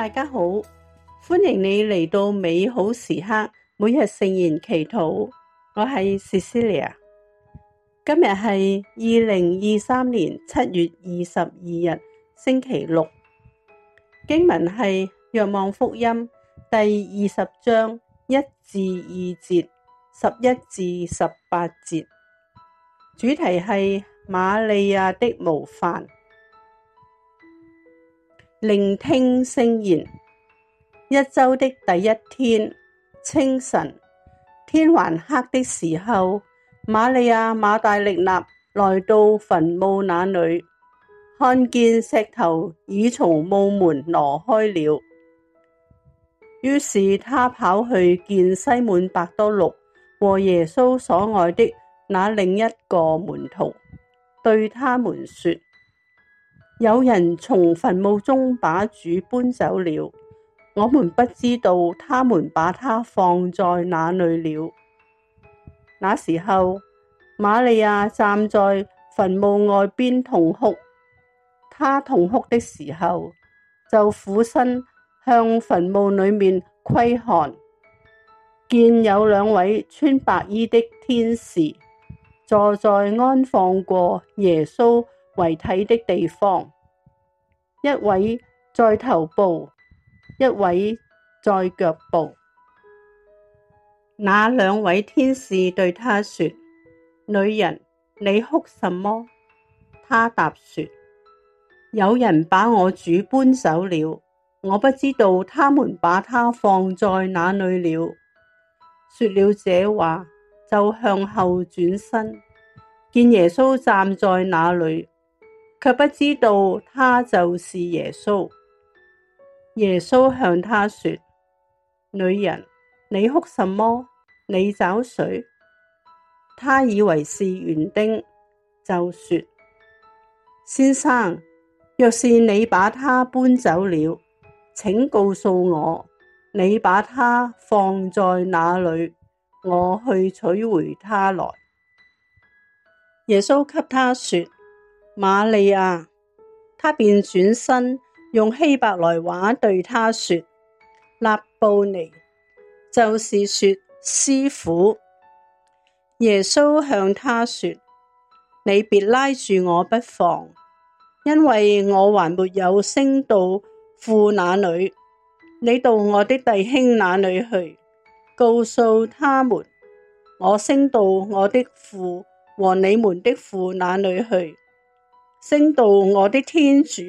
大家好，歡迎你嚟到美好時刻，每日聖言祈禱。我係 Cecilia，今日係二零二三年七月二十二日，星期六。經文係《若望福音》第二十章一至二節，十一至十八節。主題係瑪利亞的模範。聆聽聖言。一周的第一天，清晨，天還黑的時候，瑪利亞瑪達肋納來到墳墓那裏，看見石頭已從墓門挪開了，於是她跑去見西滿伯多祿和耶穌所愛的那另一個門徒，對他們說。有人從墳墓中把主搬走了，我們不知道他們把他放在哪裏了。那時候，瑪利亞站在墳墓外邊痛哭，她痛哭的時候就俯身向墳墓裏面窺看，見有兩位穿白衣的天使坐在安放過耶穌。遺體的地方，一位在頭部，一位在腳部。那兩位天使對他說：女人，你哭什麼？他答說：有人把我主搬走了，我不知道他們把他放在哪裏了。說了這話，就向後轉身，見耶穌站在那裏。卻不知道他就是耶穌。耶穌向他說：女人，你哭什麼？你找誰？他以為是園丁，就說：先生，若是你把他搬走了，請告訴我，你把他放在哪裏，我去取回他來。耶穌給他說：瑪利亞，他便轉身用希伯來話對他說：辣步尼，就是說師傅。耶穌向他說：你別拉住我不放，因為我還沒有升到父那裏。你到我的弟兄那裏去，告訴他們，我升到我的父和你們的父那裏去。升到我的天主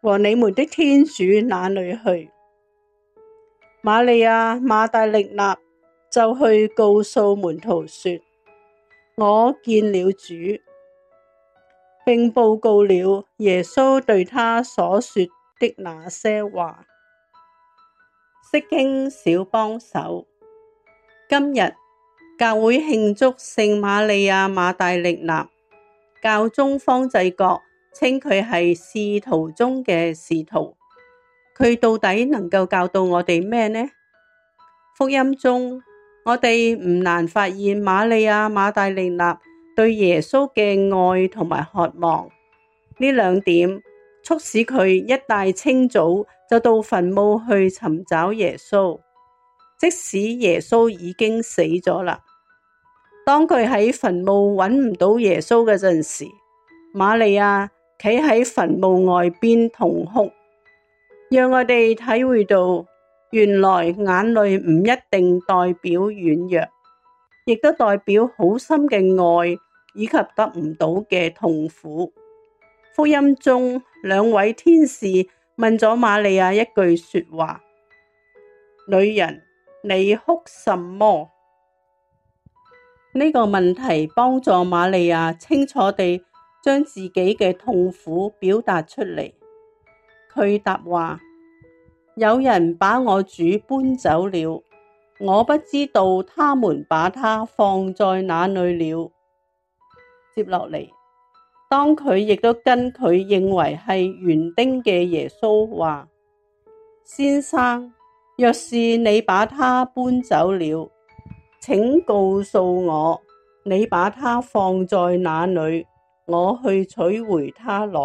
和你們的天主那裏去。瑪利亞馬大力納就去告訴門徒說：我見了主，並報告了耶穌對他所說的那些話。釋經小幫手，今日教會慶祝聖瑪利亞馬大力納。教宗方濟各稱佢係使徒中嘅使徒，佢到底能夠教導我哋咩呢？福音中，我哋唔難發現瑪利亞瑪達肋納對耶穌嘅愛同埋渴望呢兩點，促使佢一大清早就到墳墓去尋找耶穌，即使耶穌已經死咗啦。當佢喺墳墓搵唔到耶穌嗰陣時，瑪利亞企喺墳墓外邊痛哭，讓我哋體會到原來眼淚唔一定代表軟弱，亦都代表好深嘅愛，以及得唔到嘅痛苦。福音中兩位天使問咗瑪利亞一句說話：女人，你哭什麼？呢個問題幫助瑪利亞清楚地將自己嘅痛苦表達出嚟。佢答話：有人把我主搬走了，我不知道他們把他放在哪裡了。接落嚟，當佢亦都跟佢認為係園丁嘅耶穌話：先生，若是你把他搬走了。請告訴我，你把他放在哪裏，我去取回他來。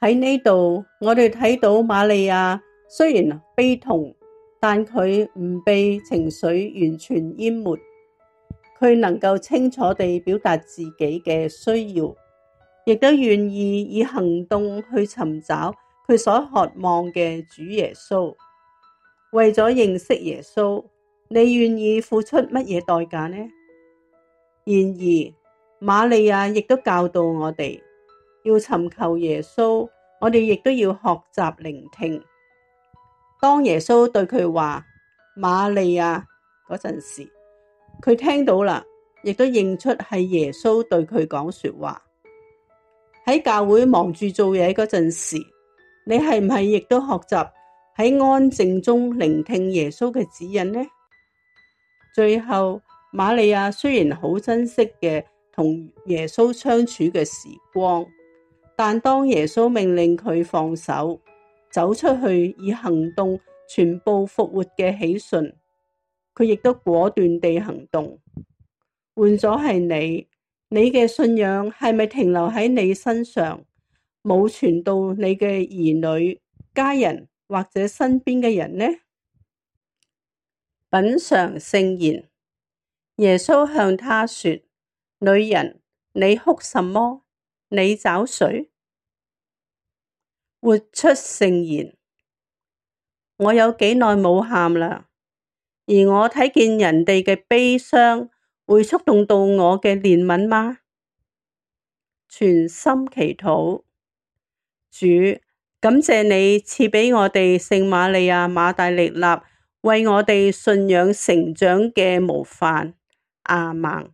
喺呢度，我哋睇到瑪利亞雖然悲痛，但佢唔被情緒完全淹沒，佢能夠清楚地表達自己嘅需要，亦都願意以行動去尋找佢所渴望嘅主耶穌。為咗認識耶穌。你願意付出乜嘢代價呢？然而，瑪利亞亦都教導我哋要尋求耶穌，我哋亦都要學習聆聽。當耶穌對佢話瑪利亞嗰陣時，佢聽到啦，亦都認出係耶穌對佢講說話。喺教會忙住做嘢嗰陣時，你係唔係亦都學習喺安靜中聆聽耶穌嘅指引呢？最後，瑪利亞雖然好珍惜嘅同耶穌相處嘅時光，但當耶穌命令佢放手，走出去以行動傳報復活嘅喜訊，佢亦都果斷地行動。換咗係你，你嘅信仰係咪停留喺你身上，冇傳到你嘅兒女、家人或者身邊嘅人呢？品嘗聖言，耶穌向他說：女人，你哭什麼？你找誰？活出聖言，我有幾耐冇喊啦。而我睇見人哋嘅悲傷，會觸動到我嘅憐憫嗎？全心祈禱，主，感謝你賜畀我哋聖瑪利亞瑪達肋納。為我哋信仰成長嘅模範阿們。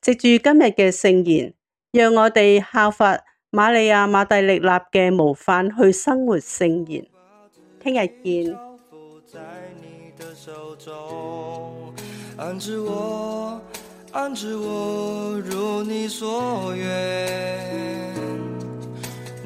借住今日嘅聖言，讓我哋效法瑪利亞瑪達肋納嘅模範去生活聖言。聽日見。